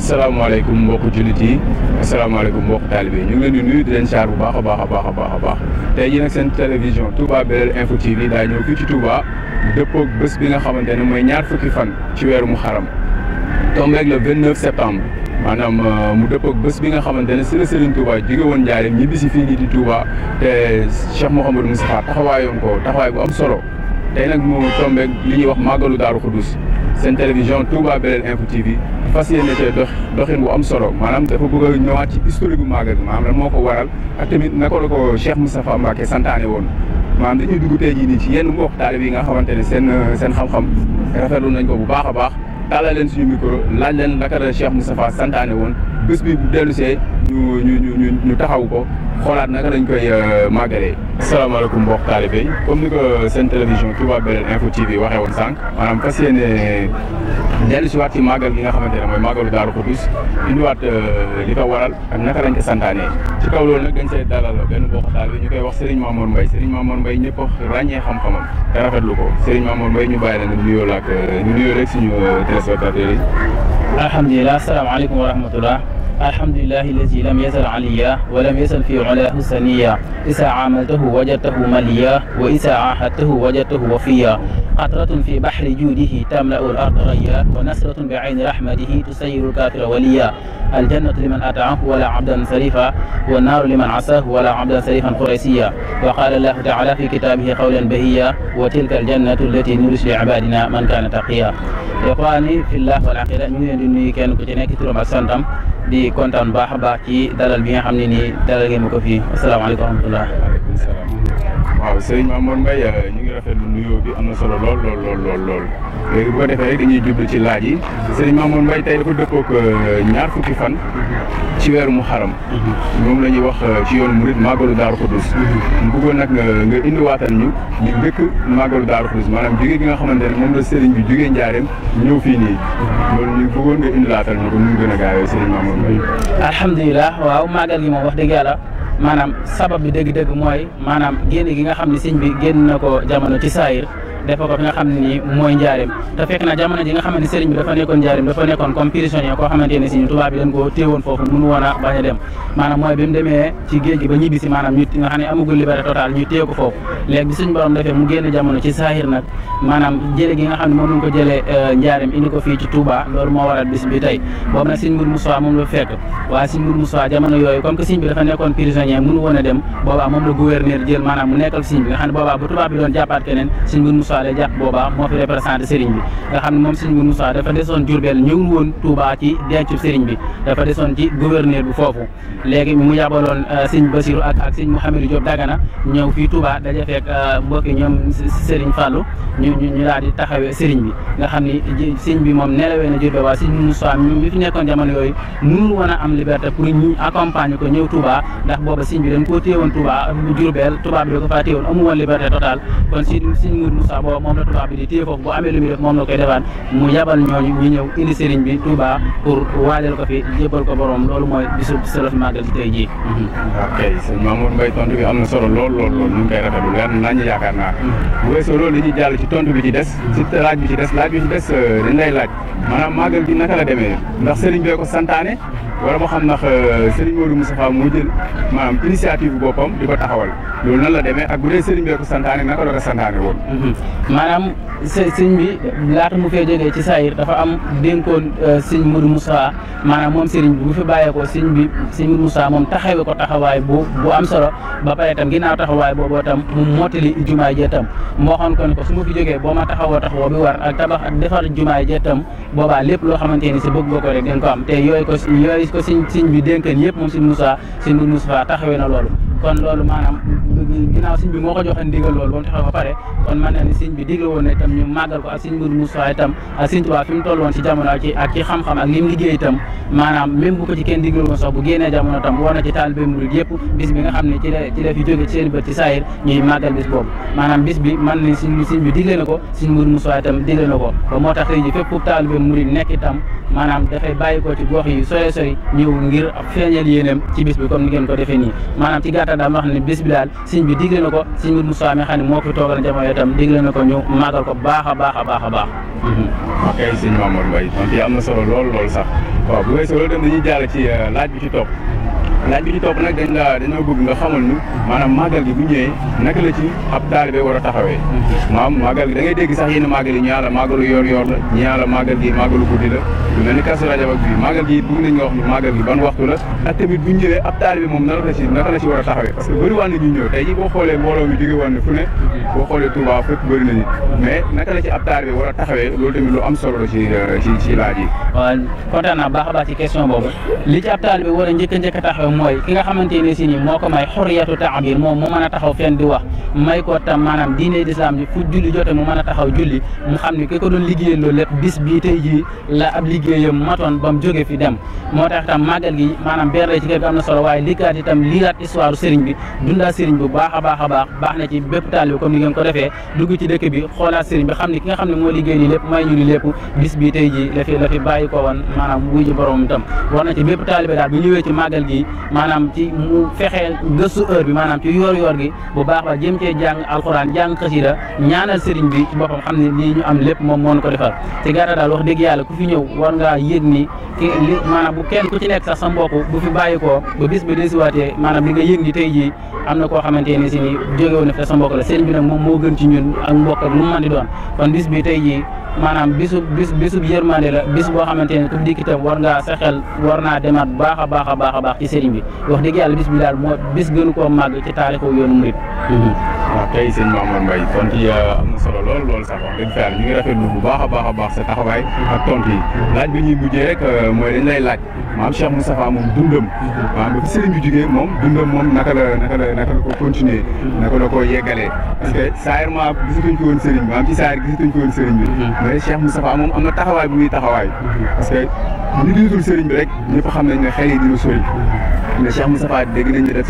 asalaamaaleykum mbokk jullit yi asalaamaaleykum mbokk taalibe yi ñu ngi leen di nuyu di leen bu baax a baax a baax baax a baax tey jii nag seen télévision Touba Belel Info TV daa ñëw fii ci Touba dëppoog bés bi nga xamante ne mooy ñaar fukki fan ci weeru Muharram tombeeg le 29 septembre maanaam euh, mu dëppoog bés bi nga xamante ne si la Serigne Touba jóge woon Njaaréem ñibbi si fii nii di Touba te Cheikh Mouhamadou Moustapha taxawaayoon ko taxawaay bu ab solo tey nag mu tombeeg li ñuy wax màggalu Daaru Xuddus une télévision Touba Belel Info TV fas yéene cee dox doxin bu am solo maanaam dafa bëgg a ñëwaat ci historique bu màggal bi maanaam lan moo ko waral ak tamit la ko Cheikh Moustapha santaane woon maanaam dañuy dugg tey jii nii ci yenn mbokk taalib yi nga xamante ne seen seen xam-xam rafetlu nañ ko bu baax baax leen micro leen Cheikh bi ñu ñu ñu ñu taxaw ko xoolaat naka lañ koy màggalee. salaamaaleykum mbokk taalibe yi comme ni ko seen télévision Touba Belel Info TV waxee woon sànq maanaam fas yéene dellu si waat ci màggal gi nga xamante ne mooy màggalu Daaru Xuddus indiwaat li ko waral ak naka lañ ko santaanee ci kaw loolu nag dañ see dalal benn mbokk taalibe ñu koy wax Serigne Mamour Mbaye Serigne Mamour Mbaye ñëpp ràññee xam-xamam te rafetlu ko Serigne Mamour Mbaye ñu bàyyi la nga nuyoo la ak ñu nuyoo rek suñu téléspectateurs yi. alhamdulilah salaamaaleykum wa rahmatulah. الحمد لله الذي لم يزل عليا ولم يزل في علاه سنيا إذا عاملته وجدته مليا وإذا عاهدته وجدته وفيا قطرة في بحر جوده تملأ الأرض غيا ونسرة بعين رحمته تسير الكافر وليا الجنة لمن أتعه ولا عبدا سريفا والنار لمن عصاه ولا عبدا سريفا قريسيا وقال الله تعالى في كتابه قولا بهيا وتلك الجنة التي نورث لعبادنا من كان تقيا يقواني في الله والعقيدة من يدني leen كتنا nuyu kenn di kontaan baax a baax ci dalal bi nga xam ne nii dalal ngeen ma ko fii asalaamaaleykum wa rahmatullah waaw sëñ Mamour Mbaye ñu ngi rafetlu nuyoo bi am na solo lool lool lool lool lool léegi bu ko defee rek dañuy jublu ci laaj yi sëñ Mamour Mbaye tey dafa dëppook ñaar fukki fan ci weeru mu xaram moom la ñuy wax ci yoonu murit màggalu Daaru Xuddus mu bëggoon nag nga indiwaatal ñu ñu dëkk màggalu Daaru Xuddus maanaam jóge gi nga xamante ne moom la sëriñ bi jógee njaareem ñëw fii nii loolu ñu bëggoon nga indilaatal ñu ko nu mu gën a gaawee sëriñ Mamour Mbaye alhamdulilah waaw màggal gi moom wax dëgg yàlla maanaam sabab bi dëgg dégg mooy maanaam génn gi nga xam ni sëñ bi génn na ko jamono ci saayir defa ko fi ji nga xamante sëriñ bi dafa nekkoon njaareem dafa nekkoon comme prisonnier koo xamante ne si ñu tubaab bi dañ foofu mënu woon a bañ a dem maanaam mooy bi mu demee ci géej ba ñibbi si maanaam ñu nga xam ne amagul liberté ñu téye ko foofu léegi bi suñ borom defee mu génn jamono ci saahir nag maanaam jële gi nga xam ne moom lañ ko jëlee euh, njaareem indi ko fii ci Touba loolu moo waral bis bi tey boobu nag sëriñ Mour moom la fekk waaye Moussa la jàpp boobaa moo fi représenté sëriñ bi nga xam ne moom sëriñ Moussa dafa desoon Jurbel ñëwul woon Touba ci dencu sëriñ bi dafa desoon ci gouverneur bi foofu léegi mu yabaloon euh, sëriñ Basiru ak ak sëriñ Mouhamadou Diop Dagana ñëw fii Touba daje fekk euh, mbokki ñoom sëriñ Fallou ñu ñu daal di taxawee sëriñ bi nga xam ni sëriñ bi moom nelawee na Jurbel waa sëriñ Moussa mi fi nekkoon jamono yooyu mënul woon a am liberté pour ñu accompagner ko ñëw Touba ndax booba sëriñ bi dañ koo téewoon Touba Jurbel Touba bi ko faa téewoon amu woon liberté totale kon sëriñ Moussa Touba boobu moom la Touba bi di téye foofu amee lu muy moom la koy defaan mu yabal ñooñu ñu ñëw indi sëriñ bi Touba pour waajal ko fi jébbal ko borom loolu mooy bisu sëlaf màggal gi tey jii. ok sëñ Mamour Mbaye tontu bi am na solo lool lool lool ñu ngi koy rafetlu lenn nañu yaakaar naa mm-hmm. bu weesoo loolu dañuy jàll ci tontu bi ci des ci laaj bi ci des laaj bi ci des euh, dañ lay laaj maanaam màggal gi naka la demee ndax sëriñ bee ko santaane wala moo xam ndax euh, Serigne Modou Moustapha moo jël maanaam initiative boppam di ko taxawal loolu nan la demee ak bu dee Serigne bee ko santaane naka la ko santaane woon. Mhm. maanaam sëñ bi laata mu fee jógee ci Saïr dafa am dénkoon mu euh, Modou Moustapha maanaam moom Serigne bi bu fi bàyyeekoo sëñ bi mu Modou Moustapha moom taxawee ko taxawaay boo bu am solo ba pare tam ginnaaw taxawaay booboo tam mu mottali jumaay jee tam moo xam ko ne ko su ma fi jógee boo ma taxawoo taxawoo bi war ak tabax ak defar jumaay jee tam boobaa lépp loo xamante ni si bëgg nga ko rek di nga ko sëñ sëñ bi dénkan yëpp moom sëñ Moussa sëñ Moussa taxawee na loolu kon loolu maanaam ginnaaw sëñ bi moo ko joxe ndigal loolu ba mu taxaw ba pare kon man na ni sëñ bi digle woon na itam ñu màggal ko ak sëñ Mourou Moussa itam ak sëñ Tuubaa fi ci jamono ak ci xam-xam ak li liggéey itam maanaam même ci kenn digle woon sax bu génnee jamono itam war na ci taalibe murid yëpp bis bi nga xam ne ci la jóge ci seen bët ci saayir ñuy màggal bis boobu maanaam bis bi man ni sëñ sëñ bi digle na ko sëñ Mourou Moussa itam digle na ko ba moo tax tey yi sore sori ñëw ngir feeñal yéeneem sëñ bi digle na ko sëñ bi Moussa mi xam ne moo ko fi toogal jamono itam digle na ko ñu màggal ko baax a baax a baax a baax. ok sëñ Mamour Mbaye kon fii am na solo lool lool sax waaw bu weesoo loolu itam dañuy jàll ci euh, laaj bi ci topp. laaj bi ci nag dañ la dañoo bëgg nga xamal ñu maanaam màggal gi bu naka la ab taalibe war a taxawee maam màggal gi da ngay dégg sax yenn màggal yi ñu yàlla màggalu yor gi màggalu guddi la lu ni kasu rajab ak bii gi it bëgg nañ nga wax gi ban waxtu la ak bu ñëwee ab taalibe moom naka la ci naka war a parce bëri waan na ñëw tey ji boo xoolee mbooloo fu ne boo xoolee Touba fépp bëri naka la ab taalibe war a taxawee mooy ki nga xamante ne moo ko may xuriyatu taabir moom mu mën a taxaw di wax may ko tam maanaam diine lislaam ji fu julli jote mu mën a taxaw julli mu xam ne ki ko doon liggéeyal loolu lépp bis bii tey jii la ab liggéeyam matoon ba mu jóge fi dem moo tax tam màggal gi maanaam berle ci kër gi am na solo waaye likkaat itam liiraat histoire sëriñ bi dundaa sëriñ bu baax a baax a baax baax na ci bépp taal bi comme ni ngeen ko defee dugg ci dëkk bi xoolaat sëriñ bi xam ne ki nga xam ne moo liggéey nii lépp may ñu ni lépp bis bii tey jii la fi borom itam war na ci bépp taalibe daal bu maanaam ci mu fexee gëstu heure bi maanaam ci yoor yoor gi bu baax ba jëm cee jàng alxuraan jàng xasida ñaanal sëriñ bi ci boppam xam ne lii ñu am lépp moom moo ko defal te gaara daal wax dëgg yàlla ku fi ñëw war ngaa yëg ni ki li maanaam bu kenn ku ci nekk sax sa mbokk bu fi bàyyi koo ba bis ba desiwaatee maanaam li nga yëg ni tey jii am na koo xamante ne si ni jógewu na fi sa mbokk la sëriñ bi nag moom moo gën ci ñun ak mbokk ak lu mu mën di doon kon bis bi tey jii maanaam bisu bis bisub yërmande la bés boo xamante ne ku dikk itam war ngaa sa xel war naa demaat baax a baax a baax a baax ci sëriñ bi wax dëgg yàlla bis bi daal moo bés gënu koo màgg ci taarixu yoonu murit mhm. waaw tey sëñ Mamour Mbaye tontu yi euh, am na solo lool lool sax wax dëgg fa yàlla ñu bu baax a baax a baax sa taxawaay ak tontu yi laaj bi ñuy mujjee rek euh, mooy dañ lay laaj maam Cheikh Moustapha moom dundam maam bi ko moom dundam moom naka la naka la naka la ko continuer naka la ko yeggalee parce que saayir ma gisatuñ ko woon sëriñ bi maam ci saayir gisatuñ ko woon sëriñ bi mm-hmm. mais Cheikh Moustapha moom am na taxawaay bu muy taxawaay mm-hmm. parce que ñu diitul sëriñ bi rek ñëpp xam nañ ne xel yi dina sori nga Cheikh Moustapha dégg nañ ne a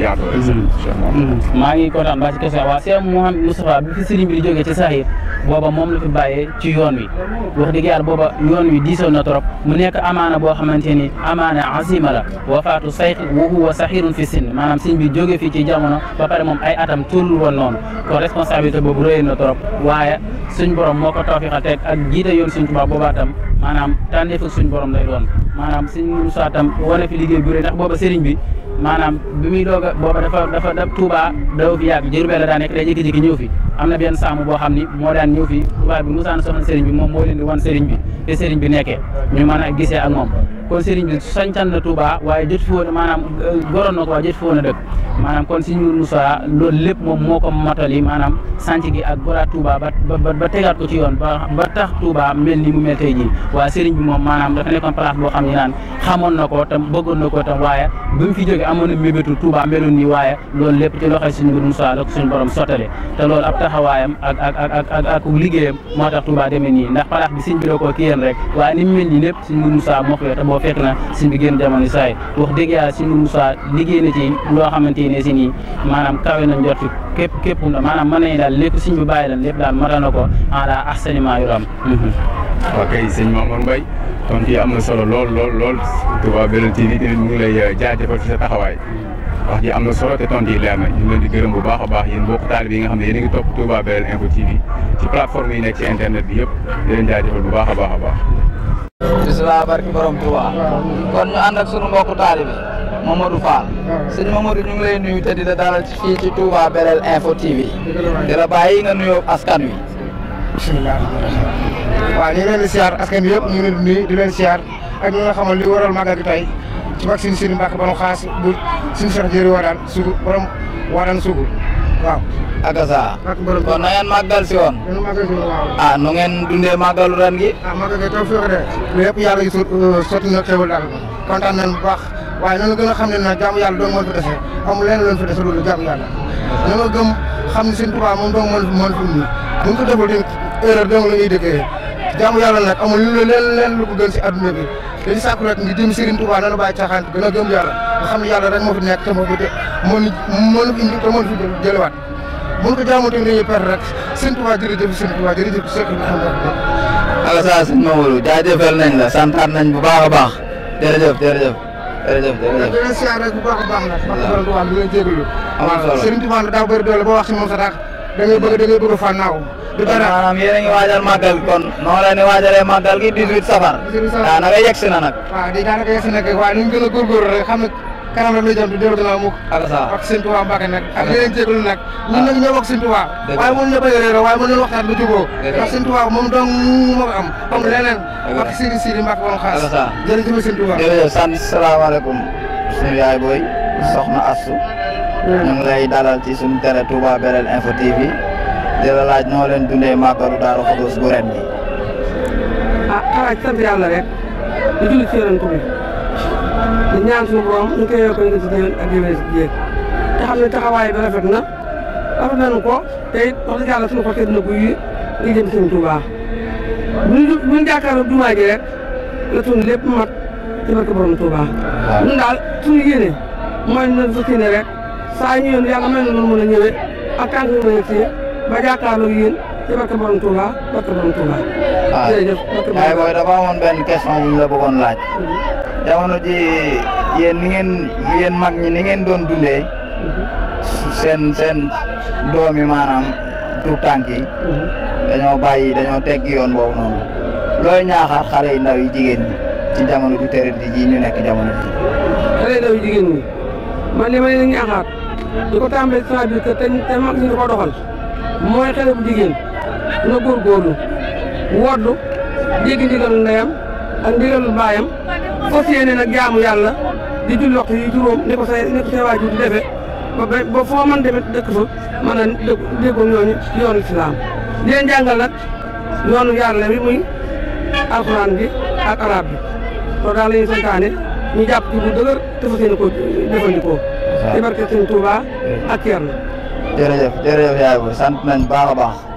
yaatoo rek. Cheikh moom mm-hmm. mm-hmm. maa ngi kontaan ba ci question waaw Cheikh Mouhamed Moustapha bi fi sëriñ bi di jógee ci saxiir booba moom la fi bàyyee ci yoon wi wax dëgg yàlla booba yoon wi diisoon na trop mu nekk amaana boo xamante ni amaana azima la wafaatu sayx wa huwa saxiirun fi sin maanaam sëriñ bi jóge fii ci jamono ba pare moom ay atam tullul woon noonu kon responsabilité boobu rëy na trop waaye suñ borom moo ko tawfiixal teg ak jiite yoon suñ tubaab boobaa maanaam tànneef ak suñ borom lay doon maanaam suñ Moussa tam wane fi liggéey bu rëy ndax booba sëriñ bi maanaam bi muy doog a booba dafa dafa da Touba daw fi yàgg Jurbel la daa nekk day jékki-jékki am na benn saamu boo xam ni moo daan ñëw fi Touba bi sëriñ bi moom moo leen di wan sëriñ bi te sëriñ bi nekkee ñu mën a gisee moom kon sëriñ bi sancan na Touba waaye jot fi woon maanaam euh, goroon na ko waaye jot fi woon a dëkk maanaam kon sëriñ Moussa loolu lépp moom moo matali maanaam sanc gi ak goraat Touba ba ba tegaat ko ci yoon ba tax Touba mel ni mu mel tey jii waaye sëriñ bi moom maanaam dafa nekkoon place boo xam ne naan xamoon na ko tam bëggoon na ko tam waaye bi mu fi jóge amoon na mébétu Touba meloon nii waaye loolu lépp ci loxoy sëriñ la ko suñu borom sottale te loolu ab taxawaayam ak ak ak ak ak liggéeyam moo tax Touba demee nii ndax boo fekk na sin bi génn jamono saay wax dëgg yàlla sin bi Moussa liggéey na ci loo xamante ne si nii maanaam kawe na képp képp képp maanaam mën nañu daal lépp sin bi bàyyi lan lépp daal matal na ko en la ahsaniment yuram waaw kay sëñ Mamour Mbaye tontu am na solo lool lool lool Touba Belel TV tamit mu ngi lay euh, jaajëfal ci sa taxawaay wax ji am na solo te tontu yi leer na ñu ngi di gërëm bu baax a baax yéen mbokk taalib yi nga xam ne yéen a topp Touba Belel Info TV ci plateforme yi nekk ci internet bi yëpp di leen jaajëfal bu baax a baax a baax. bisimilah barki borom Touba kon ñu ànd ak sunu mbokku taalib yi Mamadou Fall sëñ Mamadou ñu ngi lay nuyu te di la dalal ci ci Touba Belel Info TV di la bàyyi nga nuyoo askan wi. bisimilah ñu ngi leen di siyaar askan yëpp ñu ngi leen di di leen siyaar ak ñi nga li waral màggal tubaab sin sin mbàkk banu xaas bu sin sax jëri wadan sugu borom wadan sugu waaw akasa kon na ngeen màggal si woon ah nu ngeen dundee màggalu ren gi ah màggal gi taw féex de lépp yàlla yi euh, na xéwal daal bu baax waaye nanu gën a xam ne nag jaamu yàlla doon mën fi dese amul lenn loon fi dese loolu jaamu yàlla na nga gëm xam ne seen tubaab moom doon mën mën fi indi bu ñu ko deful tamit erreur dong la ñuy dëkkee jaamu yàlla nag amul lu leen leen lu ko gën si adduna bi dañu sàkku rek ngi jëm Serigne Touba nanu bàyyi caaxaan gën a gëm yàlla nga xam ne yàlla rek moo fi nekk te moo fi mënu bu ñu ko jaamoo tamit dañuy perte rek Serigne Touba jërëjëf Serigne Touba jërëjëf Seck bi xam nga Alassane Sëñ Mamadou jaajëfal nañ la santaat nañ bu baax a baax jërëjëf jërëjëf jërëjëf jërëjëf dëgg siyaar rek bu baax a baax nag wax dëgg yàlla du wàll di leen jégalu. am na solo Serigne Touba daa bëri doole boo moom sa da ngay bëgg da ngay bëgg fànnaaw du dara maanaam yéen a ngi waajal màggal kon noonu la ni waajalee màggal gi 18 safar daanaka yegg si na nag waaw di daanaka yegg si na nag waaye ñu gën a góorgóorlu rek xam ne kanam rek la di dellu gannaaw mukk ak sëñ Tuubaa Mbàkke nag ak yeneen jégalu nag ñun nag ñoo bokk sëñ Tuubaa waaye mënu ñu bëgg réeroo waaye mënu ñu moom dong moo ko am am leneen ak Sëriñ Sidi Mbàkke moom xaas jërëjëf sëñ Tuubaa jërëjëf sant salaamaaleykum suñu yaay booy soxna asu ñu ngi lay dalal ci suñu télé Touba Belel Info di la laaj noo leen dundee màggalu Daaru Xudoos bu ren bi ah xalaat sant yàlla rek di julli ci yonent bi di ñaan suñu borom ñu koy yokk nga ci déwén ak déwén taxawaay bi rafet na rafet ko te it wax dëgg na ko yi ngi jëm suñu Touba bu ñu bu ñu jàkkaarloo jumaa rek la suñu lépp mat ci barke borom Touba. daal suñu yéene mooy ñu doon fas rek. saa ñëwee yàlla may na noonu mën a ñëwee ak tànk yu mën a téye ba jàkkaarloo yéen ci barke borom Touba barke borom Touba. waaw ah, jërëjëf barke borom la bëggoon laaj. jamono ji yéen ni ngeen mag ñi ni ngeen doon dundee. seen seen doom yi maanaam tuut tànk yi. dañoo bàyyi dañoo tegg yoon boobu noonu. looy ñaaxaat xale yu ndaw jigéen ci jamono ju tërënd ji ñu nekk jamono ji. xale yu ndaw yi ñi man li ñaaxaat. di ko tàmbalee ci sama biir kër te te mag ñi di ko doxal mooy xale bu jigéen na góorgóorlu woddu jéggi ndigalu ndeyam ak ndigalu baayam fas yéene jaamu yàlla di julli waxtu yi juróom ni ko say ni ko di defee ba ba foo mën demit dëkk fa mën a dégg déggoo ñooñu yoonu islaam di leen jàngal nag yoonu bi muy alxuraan bi ak arab bi loolu daal la ñuy santaane ñu jàpp dëgër te fas yéene koo ci barke Sëñ Touba ak Thierno. jërëjëf jërëjëf yaay booy sant nañ baax a baax.